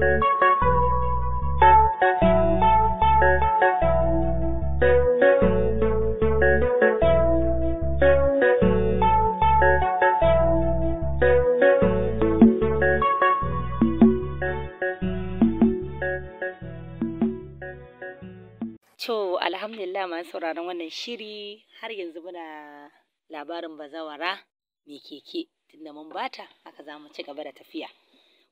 To, alhamdulillah masu sauraron wannan shiri har yanzu muna labarin bazawara mai keke tunda mun bata haka za mu ci gaba da tafiya.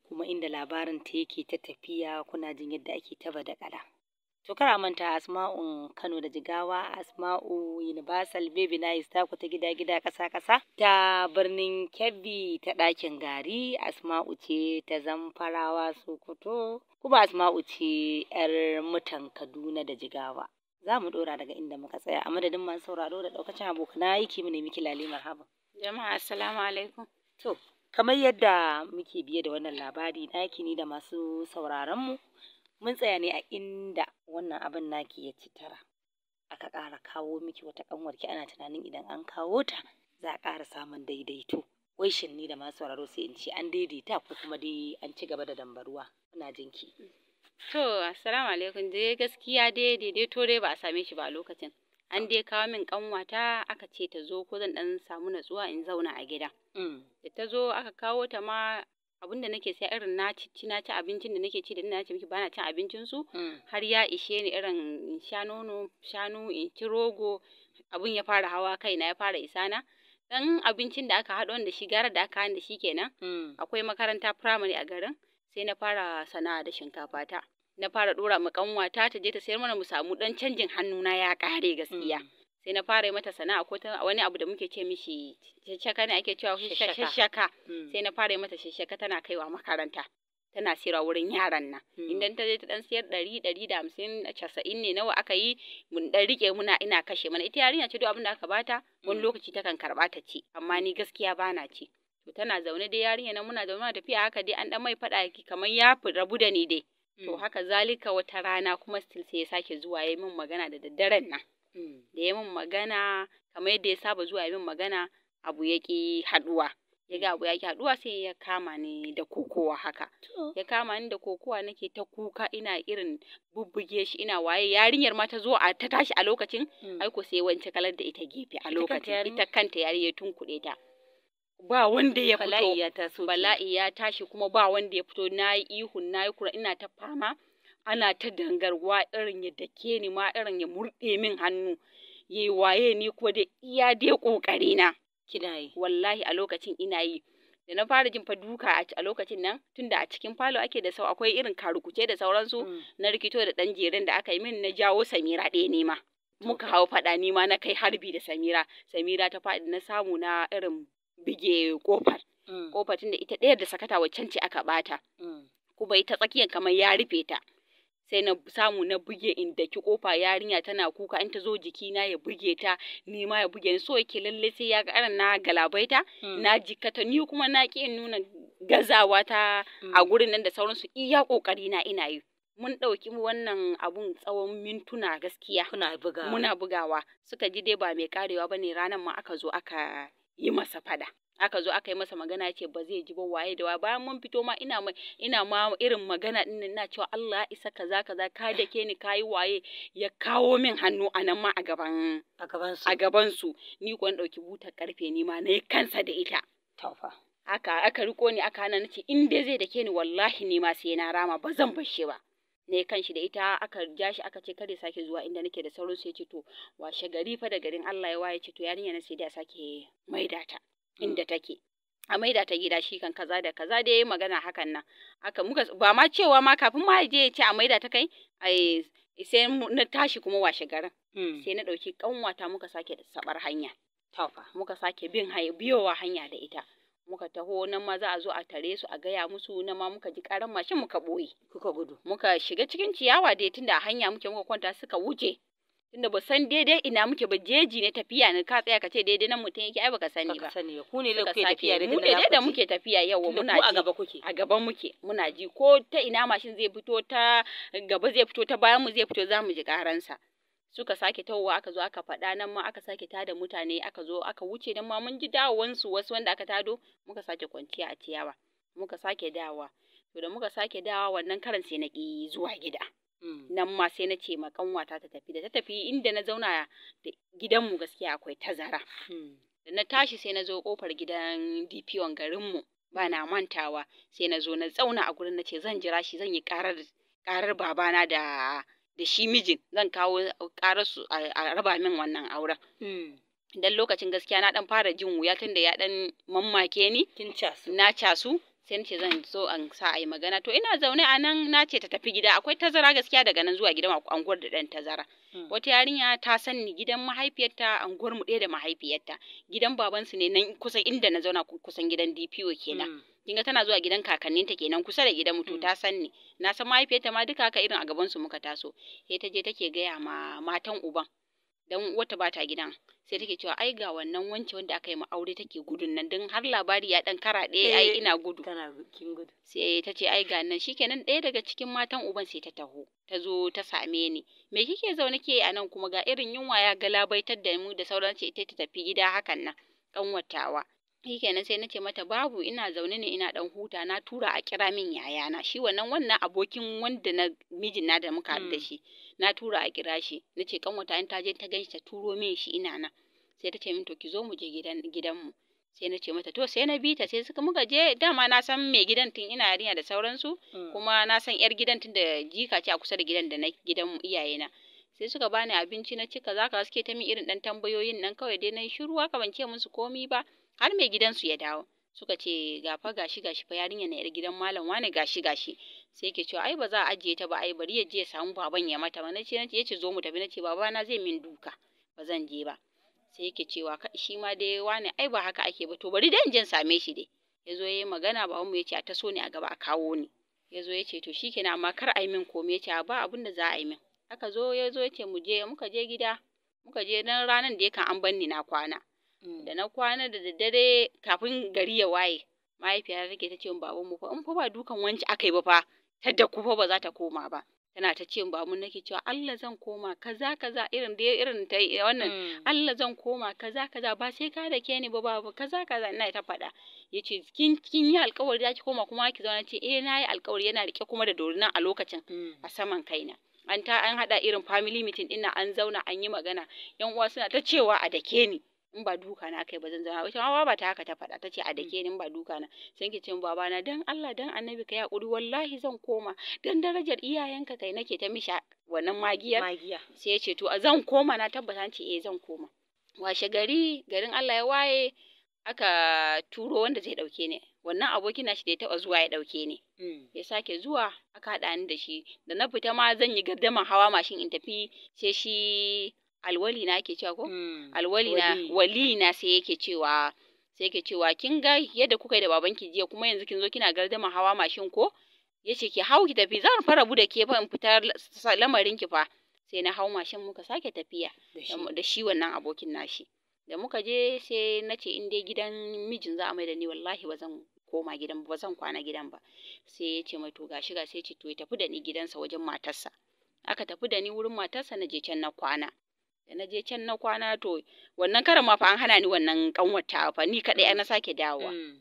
kuma inda labarin ta yake ta tafiya kuna jin yadda ake ta badakala to kar manta asma'un kano da jigawa asma'u universal baby nice ta ta gida gida kasa kasa ta birnin kebbi ta ɗakin gari asma'u ce ta zamfarawa sokoto kuma asma'u ce yar mutan kaduna da jigawa za mu ɗora daga inda muka tsaya a madadin masu sauraro da ɗaukacin abokana yake mu ne miki lalimar haba jama'a assalamu alaikum to kamar yadda muke biye da wannan labari naki ni da masu sauraron mu mun tsaya ne a inda wannan abin naki ya ci tara aka kara kawo miki wata ƙanwarki ana tunanin idan an kawo ta za a ƙara samun daidaito wai shin ni da masu sauraro sai in ce an daidaita ko kuma dai an ci gaba da dambaruwa jin jinki to assalamu alaikum dai gaskiya dai daidaito dai ba a same shi ba a lokacin an dai kawo min kanwata aka ce ta zo ko zan dan samu natsuwa in zauna a gida mm. da ta zo aka kawo ta ma abin da nake sai irin na ci na ci abincin da nake ci da na ci miki bana cin abincin su mm. har ya ishe ni irin in sha nono shanu in ci rogo abin ya fara hawa na ya fara isana dan abincin da aka haɗo da shi gara da aka da shi kenan mm. akwai makaranta firamare a garin sai na fara sana'a da shinkafa ta na fara dora ma kanwata ta je ta sayar mana mu samu dan canjin hannuna ya kare gaskiya mm. sai na fara yi mata sana'a ko ta wani abu da muke ce mishi shashaka ne ake cewa shashaka mm. sai na fara yi mata shashaka tana kaiwa makaranta tana sira wurin yaran nan mm. idan ta je ta dan sayar ɗari ɗari da hamsin casa'in ne nawa aka yi mun dan rike muna ina kashe mana ita yarinya ce duk abin da aka bata wani lokaci takan karba ta ci amma ni gaskiya bana ci to tana zaune dai yarinya nan muna zaune muna tafiya haka dai an dan mai faɗa kamar ya rabu da ni dai to mm. haka zalika wata rana kuma still sai ya sake zuwa ya min magana da daddaren nan mm. da ya min magana kamar yadda ya saba zuwa ya min magana abu ya ki haduwa ya ga mm. abu ya ki haduwa sai ya kama ni da kokowa haka ya kama ni da kokowa nake ta kuka ina irin bubbuge shi ina waye yarinyar ma ta zo a ta tashi a lokacin aiko sai wance kalar da ita gefe a lokacin ita kanta yarinyar tun kuɗe ta ba wanda ya fito bala'i ya taso bala'i ya tashi kuma ba wanda ya fito na yi ihun na yi kura ina ta fama ana ta dangarwa irin ya dake ni ma irin ya murɗe min hannu ya yi waye ni kuma da iya dai ƙoƙari na kina yi wallahi a lokacin ina yi da na fara jin fa duka a lokacin nan tunda a cikin falo ake da sau akwai irin karukuce da sauransu mm. na rikito da ɗan jerin da aka yi min na jawo samira ɗaya ne ma muka hau faɗa ni na kai harbi da samira samira ta faɗi na samu na irin bige kofar kofar mm. tunda ita ɗaya da sakata waccan ce aka bata mm. kuma ita tsakiyar kamar ya rufe ta sai na samu na buge in daki kofa yarinya tana kuka in ta zo jiki na ya buge ta ni ma ya buge ni so yake lalle sai ya ƙara na galabaita mm. na jikata ni kuma na ki in nuna gazawa ta a gurin nan da sauransu iya kokari na ina yi mun ɗauki wannan abun tsawon mintuna gaskiya muna bugawa suka ji dai ba mai karewa bane ranar ma aka zo aka yi masa fada aka zo aka yi masa magana ce ba zai ji ba waye da waye bayan mun fito ma ina ma ina ma irin magana din ina cewa Allah ya isa kaza kaza ka da ke ni kai waye ya kawo min hannu a nan ma a gaban a gaban su a gaban su ni kuwa dauki butar karfe ni ma nayi kansa da ita tofa aka aka riko ni aka hana nace in dai zai da ke ni wallahi ni ma sai na rama ba zan bashe ba ne shi da ita aka ja shi aka ce kada ya sake zuwa inda nake da sauransu ya ce to washe gari fa da garin Allah ya waye ce to yarinya na sai da sake maida ta inda mm. take a maida ta gida shi kan kaza da kaza da yayi magana hakan nan aka muka ba ma cewa ma kafin ma je ya ce a maida ta kai ai sai na tashi kuma washe garin mm. sai na dauki kanwata muka sake sabar hanya muka sake bin biyowa hanya da ita muka taho nan ma za a zo a tare su a gaya musu nan ma muka ji karan mashin muka boye kuka gudu muka shiga cikin ciyawa dai tunda a hanya muke muka kwanta suka wuce tunda ba san daidai ina muke ba jeji ne tafiya ne ka tsaya ka ce daidai nan mutum yake ai baka sani ba sani ku ne da kuke tafiya mu daidai da muke tafiya yawa muna ji a gaba kuke a gaban muke muna ji ko ta ina mashin zai fito ta gaba zai fito ta bayan mu zai fito za mu ji karansa suka sake tawowa aka zo aka faɗa nan ma aka sake tada mutane aka zo aka wuce nan ma mun ji su wasu wanda aka tado muka sake kwanciya a ciyawa muka sake dawa to da muka sake dawa wannan karan sai na ki zuwa gida mm. nan ma sai na ce ma kanwata ta tafi da ta tafi inda na zauna da gidanmu gaskiya akwai tazara mm. da na tashi sai na zo kofar gidan DPO garinmu ba na mantawa sai na zo na tsauna a gurin na ce zan jira shi zan yi karar karar babana da da shi mijin zan kawo karasu a raba min wannan auren hmm. dan lokacin gaskiya na dan fara jin wuya tunda ya dan mammake ni na casu sai ce zan so an sa a yi magana to ina zaune a nan na ce ta tafi gida akwai tazara gaskiya daga nan zuwa gidan anguwar da ɗan tazara hmm. wata yarinya ta sanni gidan mahaifiyarta anguwar mu ɗaya da mahaifiyarta gidan babansu ne nan kusan inda na zauna kusan gidan DPO kenan hmm. kinga tana zuwa gidan kakanninta kenan kusa da gidan mutu hmm. ta san ni na san mahaifiyarta ma duka haka irin a gaban su muka taso sai ta je take gaya ma matan uban dan wata bata gidan sai take cewa ai ga wannan wance wanda aka yi ma aure take gudun nan dan har labari ya dan kara ɗaya ai eh, ina gudu tana kin gudu sai ta ce ai ga nan shikenan ɗaya daga cikin matan uban sai ta taho ta zo ta same ni me kike zaune ke a nan kuma ga irin yunwa ya ga galabaitar da mu da sauran ce ta tafi gida hakan nan kanwatawa shi kenan sai nace mata babu ina zaune ne ina dan huta na tura a kira min yayana shi wannan wannan abokin wanda na mijin na da muka da mm. shi na tura a kira shi nace kanwata in ta je ta ganshi ta turo min shi ina na sai ta ce min to ki zo mu je gidan mu sai na mata to sai na bi ta sai suka muka je dama na san mai gidan tun ina yarinya da sauransu mm. kuma na san yar gidan tun da jika ce a kusa da gidan da na gidan na sai suka bani abinci na cika zaka suke ta min irin dan tambayoyin nan kawai dai na shiru haka ban ce musu komi ba har mai gidansu ya dawo suka ce ga fa gashi gashi fa yarinya na yar gidan malam wane gashi gashi sai yake cewa ai ba za a ajiye ta ba ai bari ya je ya samu baban ya mata ba nace nace yace zo mu tafi nace baba na zai min duka ba zan je ba sai yake cewa shi ma dai wane ai ba haka ake ba to bari dan jin same shi dai ya zo yayi magana babanmu yace a taso ne a gaba a kawo ni ya zo yace to shikenan amma kar a yi min komai yace ba abin da za a yi min aka zo ya zo yace mu je muka je gida muka je nan ranan da yakan an banni na kwana Mm. da na kwana da daddare kafin gari ya waye mahaifiyata take ta ce babu babanmu fa in fa ba dukan wanci aka yi ba fa ta da ku fa ba za ta koma ba tana ta ce bamun nake cewa Allah zan koma kaza kaza irin da irin ta wannan mm. Allah zan koma kaza kaza ba sai ka da ke ni ba babu kaza kaza ina ta faɗa yace kin kin yi alƙawari ki koma kuma ki zauna ce eh nayi alƙawari yana rike kuma da dorina a lokacin mm. a saman kaina an ta an hada irin family meeting din an zauna an yi magana yan uwa suna ta cewa a dake ni in ba duka na kai ba zan zama ita ma ba ta haka ta faɗa ta ce a mm. dake ni in ba duka na sai ki ce baba na dan Allah dan annabi kai hakuri wallahi zan koma dan darajar iyayenka kai nake ta mishi wannan magiyar sai ya ce to zan koma na tabbata ce eh zan koma washe gari garin Allah ya waye aka turo wanda zai dauke ni wannan abokin shi da ya taba zuwa ya dauke ni mm. ya sake zuwa aka hada ni da shi da na fita ma zan yi gardaman hawa mashin in tafi sai shi alwali na ake cewa ko mm, alwali na wali na sai yake cewa sai yake cewa kin ga yadda kuka yi da babanki jiya kuma yanzu kin zo kina gardama hawa mashin ko yace ki hau ki tafi zan fara bude ke fa in fita lamarin ki fa sai na hau mashin muka sake tafiya da shi wannan abokin nashi da muka je sai na ce in dai gidan mijin za a mai da ni wallahi ba zan koma gidan ba zan kwana gidan ba sai ya ce mai to gashi ga sai ce to ya tafi da ni gidansa wajen matarsa aka tafi da ni wurin matarsa na je can na kwana da na je can na kwana to wannan karan ma fa an hana ni wannan kanwata fa ni kadai na sake dawowa mm.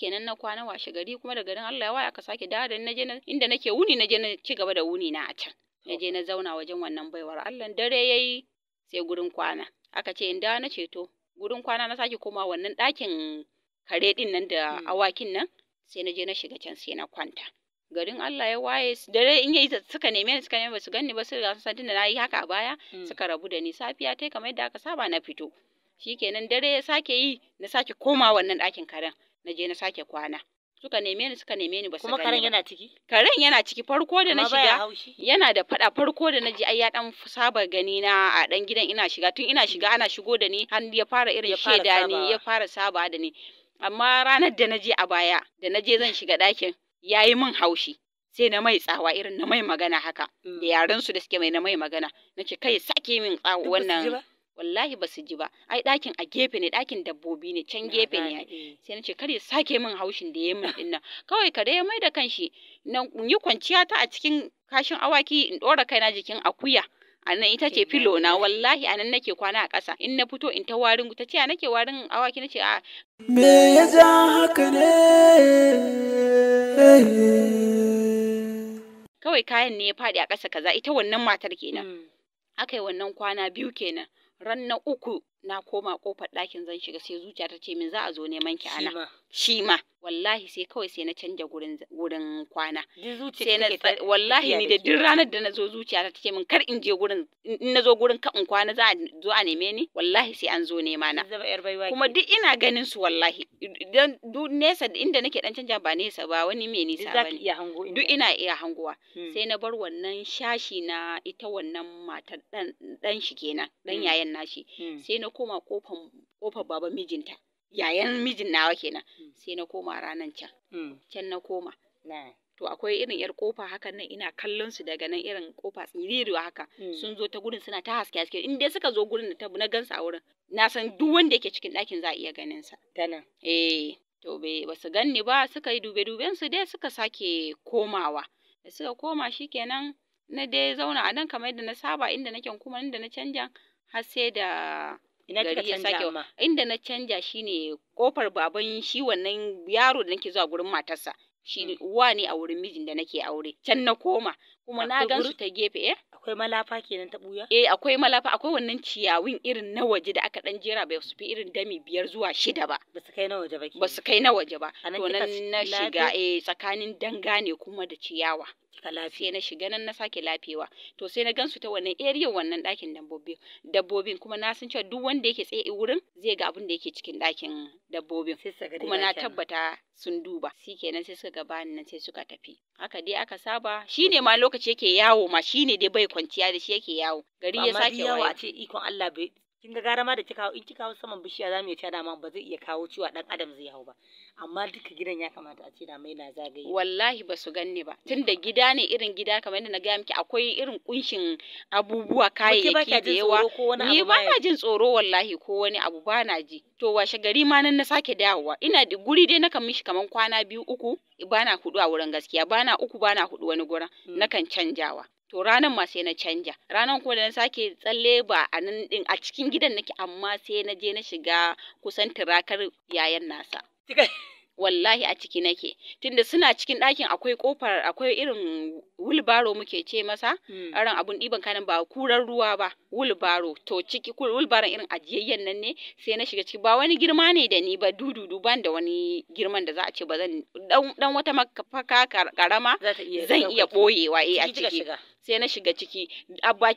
kenan na kwana washe gari kuma da garin Allah ya waya aka sake dawo da naje inda nake wuni naje na ci gaba da wuni na a can naje na zauna wajen wannan baiwar Allah dare yayi sai gurin kwana aka ce in dawo na to gurin kwana na sake koma wannan dakin kare din nan da mm. awakin nan sai naje na shiga can sai na kwanta garin Allah ya waye dare in yayi suka neme ni suka neme ba su ganni ba su riga sun san na nayi haka a baya mm. suka rabu da ni safiya tai kamar yadda aka saba na fito shikenan dare ya sake yi na sake koma wannan ɗakin karen na je na sake kwana suka neme ni suka neme ni ba su kuma karen yana ciki karen yana ciki farko da na shiga yana da fada farko da na ji ai ya dan saba gani na a dan gidan ina shiga tun ina shiga mm. ana shigo da ni har ya fara irin sheda ni ya fara saba da ni amma ranar da na je a baya da na je zan shiga ɗakin ya yi min haushi sai na mai tsawa irin na mai magana haka da mm. yaren su da suke mai na mai magana na ce kai sake min tsawa wannan wallahi ba su ji ba ai dakin a gefe ne dakin dabbobi ne can gefe ne eh. sai na ce kar ya sake min haushin da ya min din kawai ka ya mai da kanshi na yi kwanciya ta a cikin kashin awaki in ɗora kaina jikin akuya a nan ita ce filo na wallahi a nan nake kwana a ƙasa in na fito in ta warin ta ce a nake warin awaki nace a me ya ja haka ne kawai kayan ne ya faɗi a ƙasa kaza ita wannan matar kenan mm. aka wannan kwana biyu kenan ran na uku na koma kofar ɗakin zan shiga sai zuciya ta ce min za a zo neman ki ana shi ma wallahi sai kawai sai na canja gurin gurin kwana wallahi ni da duk ranar da nazo zuciya ta take min kar in je gurin in nazo gurin ka in kwana za a zo a neme ni wallahi sai an zo nema na kuma duk ina ganin su wallahi dan duk nesa inda nake dan canja ba nesa ba wani me nisa ba duk ina iya hangowa hmm. sai na bar wannan shashi na ita wannan matar dan dan shi kenan dan hmm. yayan nashi hmm. sai na koma kofan kofar baba mijinta yayan mijin nawa kenan hmm. sai na koma ranan can hmm. can na koma to akwai irin yar kofa hakan nan ina kallon su daga nan irin kofa tsiriruwa haka hmm. sun zo ta gurin suna ta haske haske in dai suka zo gurin ta na gansa a wurin na san duk wanda yake cikin ɗakin za a iya ganin sa tana eh to be wasu ganni ba suka yi dube duben su dai suka sake komawa da suka koma shikenan na dai zauna a nan kamar yadda na saba inda nake kuma inda na canja har sai da ina kika canja amma inda na canja shine kofar baban shi wannan yaro da nake zuwa gurin matarsa shi mm. uwa ne a wurin mijin da nake aure can na koma kuma na gan su ta gefe eh akwai malafa kenan ta buya eh akwai malafa akwai wannan ciyawin irin na waje da aka dan jera bai su fi irin dami biyar zuwa shida ba basu kai na waje ba basu kai na waje ba to nan na shiga eh tsakanin danga ne kuma da ciyawa ka lafiya na shiga nan na sake lafewa to sai na gansu ta wannan area wannan ɗakin dabbobi dabbobin kuma na san cewa duk wanda yake tsaye wurin zai ga abin da yake cikin ɗakin dabbobin kuma na tabbata sun duba kenan sai suka gaba nan sai suka tafi haka dai aka saba shine ma lokaci yake yawo ma shine dai bai kwanciya da shi yake yawo gari ya sake yawo a ce ikon Allah bai kin ga gara ma da kika in kika saman bishiya zamu iya cewa dama ba zai iya kawo ciwo dan adam zai hau ba amma duka gidan ya kamata a ce da mai na zagaye wallahi ba su ganni ba tunda gida ne irin gida kamar yadda na ga miki akwai irin kunshin abubuwa kayayyaki da yawa ni ba na jin tsoro wallahi ko wani abu ba na ji to washe gari ma nan na sake dawowa ina da guri dai nakan mishi kaman kwana biyu uku bana hudu a wurin gaskiya bana uku bana hudu wani gurin hmm. nakan canjawa to ranan ma sai na canja ranan kuma da na sake tsalle ba a nan din a cikin gidan nake amma sai na je na shiga kusan tirakar yayan nasa wallahi a ciki nake tunda suna cikin ɗakin akwai kofar akwai irin wulbaro muke ce masa hmm. aran abun ɗiban kanin ba kurar ruwa ba wulbaro to ciki wulbaron irin ajiyayyen nan ne sai na shiga ciki ba wani girma ne da ni ba dudu ban da wani girman da za a ce ba zan dan wata makafaka karama zan iya boyewa eh a ciki sai na shiga ciki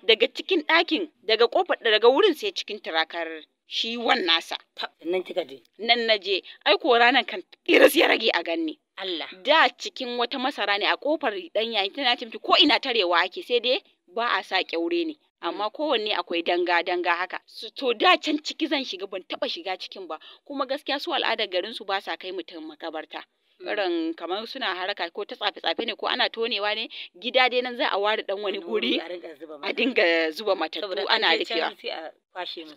daga cikin ɗakin daga kofar daga wurin sai cikin turakar shi wan nasa nan kika je nan na je ai ko ranan kan iris ya rage a ganni Allah da cikin wata masara ne a kofar dan yayin tana cimci ko ina tarewa ake sai dai ba a sa kyaure ne amma mm. kowanne akwai danga danga haka to da can ciki zan shiga ban taba shiga cikin ba kuma gaskiya su al'adar garin su ba sa kai mutum makabarta irin kamar suna haraka ko ta tsafe-tsafe ne ko ana tonewa ne gida dai nan za a ware dan wani guri a dinga zuba matattu ana rikewa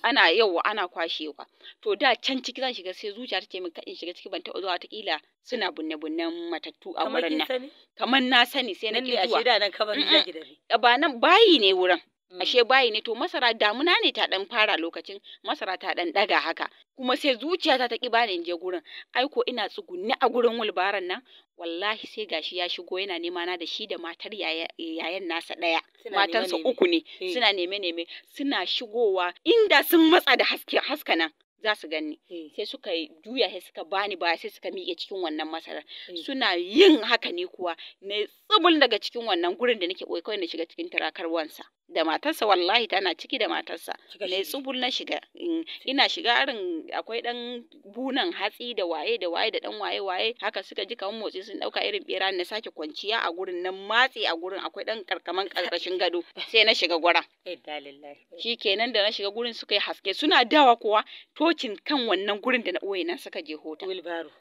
ana yau ana kwashewa to da can ciki zan shiga sai zuciya take min kadin shiga ciki ban taɓa zuwa kila suna bunne-bunnen matattu a wurin nan kamar na sani sai na ke zuwa ba nan bayi ne wurin ashe mm. bayi ne to masara damuna ne ta dan fara lokacin masara ta dan daga haka kuma sai zuciyata ta ki bani in je gurin aiko ina tsugunni a gurin wulbaran nan wallahi sai gashi ya shigo yana nema na da shi da matar yayan nasa daya matansa uku ne eh. suna neme neme suna shigowa inda sun matsa da haske haska nan za su gani eh. sai suka juya sai suka bani baya sai suka miƙe cikin wannan masara eh. suna yin haka ne kuwa ne tsibul daga cikin wannan gurin da nake kawai na shiga cikin tarakar wansa da matarsa wallahi tana ciki da matarsa ne tsubul na shiga ina shiga arin akwai dan bunan hatsi da waye da waye da dan waye waye haka suka ji kamar motsi sun dauka irin bera na sake kwanciya a gurin nan matsi a gurin akwai dan karkaman karkashin gado sai na shiga gwara shikenan da na shiga gurin suka yi haske suna dawa kowa tocin kan wannan gurin da na boye nan suka je hota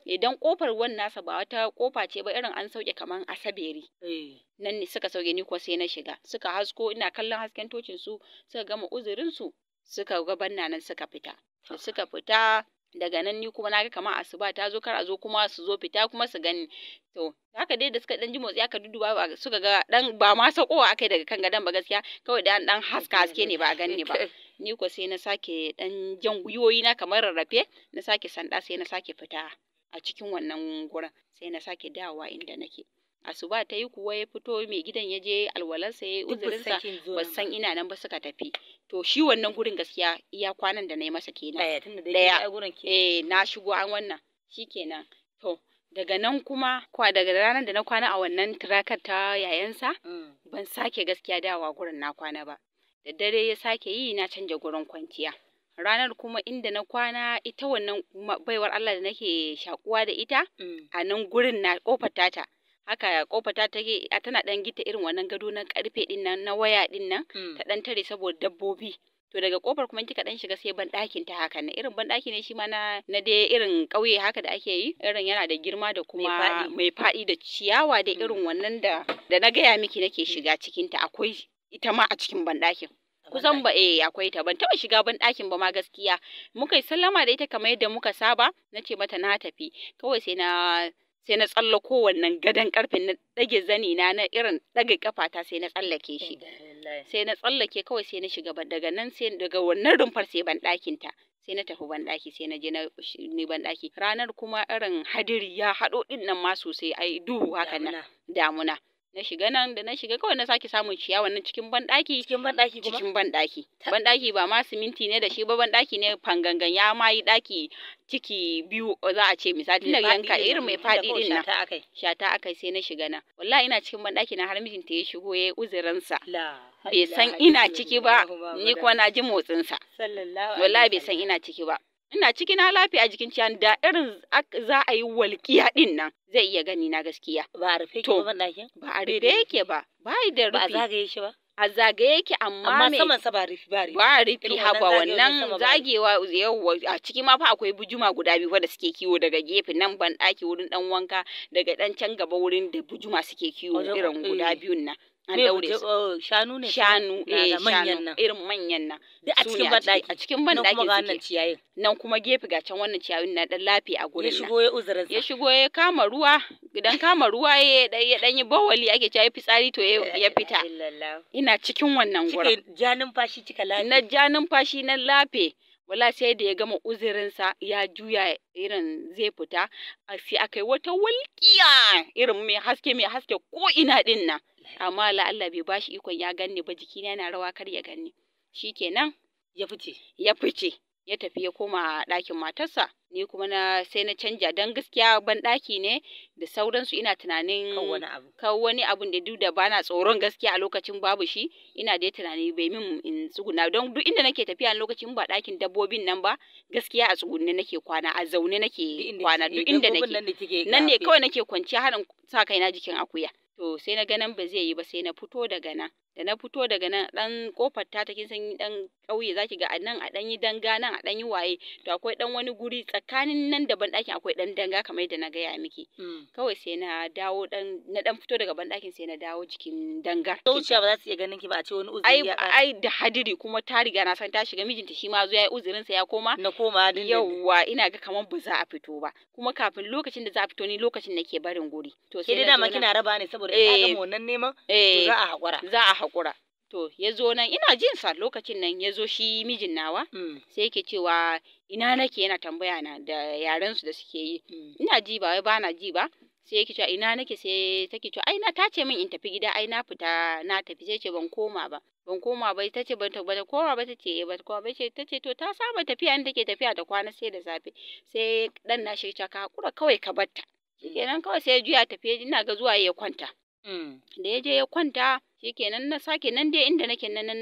idan kofar wannan nasa ba wata kofa ce ba irin an sauke kamar asaberi eh. nan ne suka sauke ni kuwa sai na shiga suka hasko ina kallon hasken tocin su suka gama uzurin su suka ga banna nan suka fita suka fita daga nan ni kuma naga kamar asuba ta zo kar a zo kuma su zo fita kuma su gani to haka dai da suka dan ji motsi aka duduba suka ga dan ba ma sakowa akai daga kan gadan ba gaskiya kawai dan dan haska haske ne ba a gani ba ni ko sai na sake dan jan gwiwoyi na kamar rarrafe na sake sanda sai na sake fita a cikin wannan gurin sai na sake dawowa inda nake asuba ta yi kuwa ya fito mai gidan ya je alwalarsa ya yi uzurinsa ba san ina nan ba suka tafi to shi wannan gurin gaskiya iya kwanan da na yi masa kenan daya eh na shigo an wannan shi kenan to daga nan kuma kwa daga ranar da na kwana a wannan tirakar ta yayansa mm. ban sake gaskiya dawa gurin na kwana ba da dare ya sake yi na canja gurin kwanciya ranar kuma inda na kwana ita wannan baiwar Allah da nake shakuwa da ita mm. a nan gurin na kofar tata haka kofa ta take tana dan gita irin wannan gado na karfe din nan na waya din nan mm. ta dan tare saboda dabbobi to daga kofar kuma kika dan shiga sai ban dakin ta haka ne irin ban daki ne shi ma na na dai irin kauye haka da ake yi irin yana da girma da kuma mai faɗi da ciyawa da mm. irin wannan da da na gaya miki nake mm. shiga cikin ta akwai ita ma a cikin ban dakin kusan ba eh akwai ta ban taba shiga ban dakin ba ma gaskiya muka yi sallama da ita kamar yadda muka saba na ce mata na tafi kawai sai na sai na tsallako wannan gadon karfin na ɗage zani na na irin ɗage kafata sai na tsallake shi sai na tsallake kawai sai na shiga daga nan sai daga wannan rumfar sai ban ɗakin ta sai na tafi ban ɗaki sai na je na ni ban ɗaki ranar kuma irin hadiri ya haɗo ɗin nan ma sosai ai duhu haka nan damuna na shiga nan da na shiga kawai na sake samun ciyawa nan cikin banɗaki cikin banɗaki kuma cikin banɗaki banɗaki ba ma siminti ne da shi ba banɗaki ne fangangan ya ma yi ɗaki ciki biyu za a ce misali na yanka irin mai fadi din nan shata akai sai na shiga nan wallahi ina cikin banɗaki na har mijinta ya shigo yayi sa bai san ina ciki ba ni kuma na ji motsinsa wallahi bai san ina ciki ba ina ciki na lafiya a jikin ciya da irin za a yi walƙiya din nan zai iya gani na gaskiya ba a rufe ki ba ba a rufe yake ba ba da rufe ba a zagaye shi ba a zagaye yake amma me saman sa ba rufe ba rufe ba rufe haba wannan zagewa yawwa a ciki ma fa akwai bujuma guda biyu da suke kiwo daga gefe nan ban daki wurin dan wanka daga dan can gaba wurin da bujuma suke kiwo irin guda eh. biyun nan an daure su oh, shanu ne shanu eh manyan nan irin manyan nan duk a cikin bandaki a cikin bandaki kuma ga wannan ciyayin nan kuma gefe ga can wannan ciyayin na dan lafi a gurin ya shigo ya uzurin ya shigo ya kama ruwa idan kama ruwa ya ya dan yi bawali ake cewa ya fitsari to ya fita ina cikin wannan gurin janin fashi cika lafi na janin fashi na lafi. wala sai da ya gama uzurinsa ya juya irin zai fita sai aka yi wata walƙiya irin mai haske mai haske ko ina din nan amma la Allah bai bashi ikon ya ganni ba jikina yana rawa kar ya ganni shikenan ya fice ya fice ya tafi ya koma ɗakin matarsa ni kuma na sai na canja don gaskiya ban daki ne da sauransu ina tunanin kawo wani abu da duk da bana tsoron gaskiya a lokacin babu shi ina dai tunani bai min in tsuguna don duk inda nake tafiya a lokacin ba dakin dabbobin nan ba gaskiya a tsugunne nake kwana a zaune nake kwana duk inda nake nan ne kawai nake kwanciya harin sa kaina jikin akuya to sai na ganin ba zai yi ba sai na fito daga nan da na fito daga nan dan kofar ta ta san dan kauye zaki ga nan a dan yi danga nan a dan yi waye to akwai dan wani guri tsakanin nan da bandakin akwai dan danga kamar yadda na gaya miki hmm. kawai sai na dawo dan na dan fito daga bandakin sai na dawo jikin dangar wuciya ba za su iya ganin ki ba a ce wani uzuri ya ai da hadiri kuma ta riga na san ta shiga mijinta shi ma zo ya uzurin sa ya koma na koma din yawa ina ga kaman ba za a fito ba kuma kafin lokacin da za a fito ni lokacin nake barin guri to sai da dama kina raba ne saboda in ka eh. mu wannan neman eh. za a hakura za a haƙura to ya zo nan ina jin sa lokacin nan ya zo shi mijin nawa mm. sai yake cewa ina nake yana tambaya na da yaren su da suke yi mm. ina ji ba wai bana ji ba sai yake cewa ina nake sai take cewa ai na tace min in tafi gida ai na fita na tafi sai ce ban koma ba ban koma ba ta ce ban tabbata koma ba ta ce eh, ba koma ba ce ta ce to ta saba tafiya in take tafiya da kwana sai da safe sai dan na shi ta ka hakura kawai ka batta mm. shikenan kawai sai ya juya tafiya ina ga zuwa ya kwanta da ya je ya kwanta shikenan na sake nan dai inda nake nan na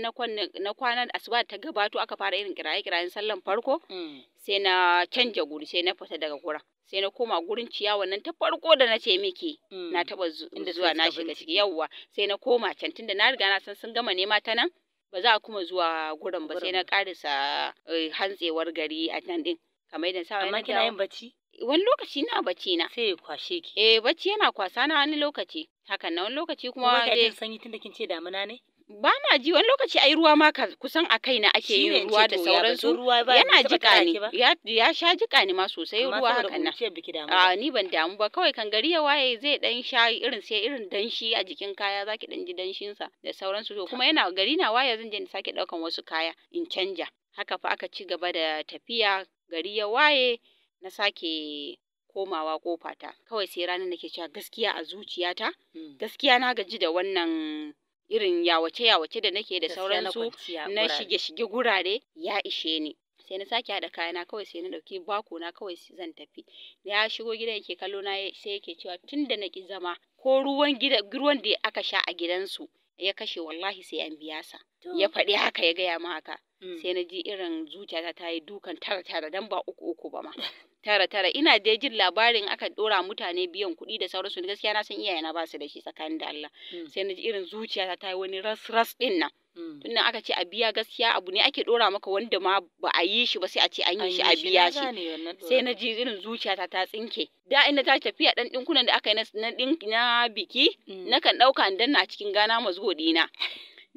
na kwana asuba ta gabato aka fara irin kiraye kirayen sallan farko hmm. sai na canja guri sai na fita daga gurin sai na koma gurin ciyawa nan ta farko da na ce miki hmm. na taba zuwa na shiga ciki yawwa sai na koma can tunda na riga na san sun gama nema ta nan ba za a kuma zuwa gurin ba sai na karisa eh, hantsewar gari a can din kamar idan sa amma kina yin bacci wani lokaci na bacci na sai kwashe ki eh bacci yana kwasa na wani lokaci hakan na wani lokaci kuma dai sanyi tunda kin ce damuna ne ba na ji wani lokaci ai ruwa ma kusan a kaina ake yin ruwa da sauransu yana jika ne ya sha jika ne ma sosai ruwa hakan na a ah, ni ban damu ba kawai kan gari ya waye zai dan sha irin sai irin danshi a jikin kaya zaki dan ji danshin sa da sauransu to kuma yana gari na waye zan je in sake daukan wasu kaya in canja haka fa aka ci gaba da tafiya gari ya waye na sake komawa kofata kawai sai ranar nake cewa gaskiya a zuciyata mm. gaskiya na gaji da wannan irin yawace yawace da nake da sauransu na shige shige gurare ya ishe ni sai na sake haɗa kayana kawai sai na ɗauki bako na kawai zan tafi ya shigo gidan yake kallo na sai yake cewa tun da na ki zama ko ruwan gida ruwan da aka sha a gidansu ya kashe wallahi sai an biya sa ya faɗi haka ya gaya ma haka mm. sai na ji irin zuciyata ta yi dukan tara tara dan ba uku uku ba ma tara tara ina dai jin labarin aka dora mutane biyan kuɗi da sauransu gaskiya na san iyaye na ba da shi tsakanin da Allah hmm. sai na ji irin zuciyata ta yi wani ras ras din nan hmm. tunan aka ce a biya gaskiya abu ne ake dora maka wanda ma ba a yi shi ba sai a ce an yi shi a biya shi sai na ji irin zuciyata ta tsinke da ina ta tafiya dan dinkunan da aka yi na na biki hmm. nakan dauka dan na cikin gana mazgodi dina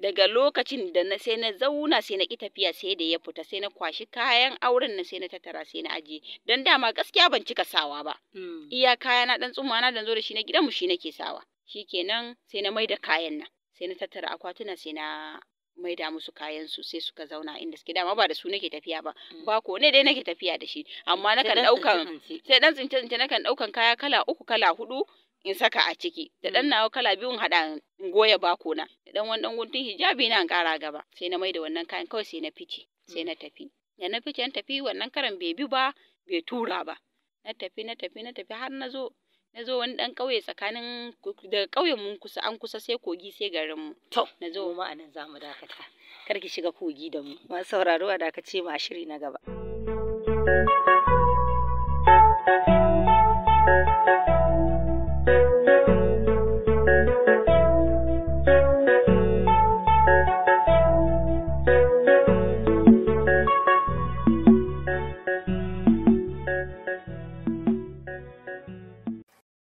daga lokacin da na sai na zauna sai na ki tafiya sai da ya fita sai na kwashi kayan auren na sai na tattara sai na ajiye dan dama gaskiya ban cika sawa ba hmm. iya kaya na dan tsumma na dan zo da shi na mu shi nake sawa shikenan sai na maida kayan nan sai na tattara akwatuna sai na maida musu kayan su sai suka zauna inda suke dama ba da su nake tafiya ba hmm. ba ko ne dai nake tafiya da shi amma nakan daukan sai dan tsince tsince kan daukan kaya kala uku kala hudu in saka a ciki da dan mm. nawa kala biyun hada in goya bako na da wani dan guntun hijabi na in kara gaba sai na maida wannan kayan kawai sai na fice sai mm. na tafi da na fice na tafi wannan karan bai bi ba bai tura ba na tafi na tafi na tafi har na zo na zo wani dan ƙauye tsakanin da kauyen mun kusa an kusa sai kogi sai garin mu to na zo mu anan zamu dakata kar ki shiga kogi da mu ma sauraro a dakace ma shiri na gaba thank you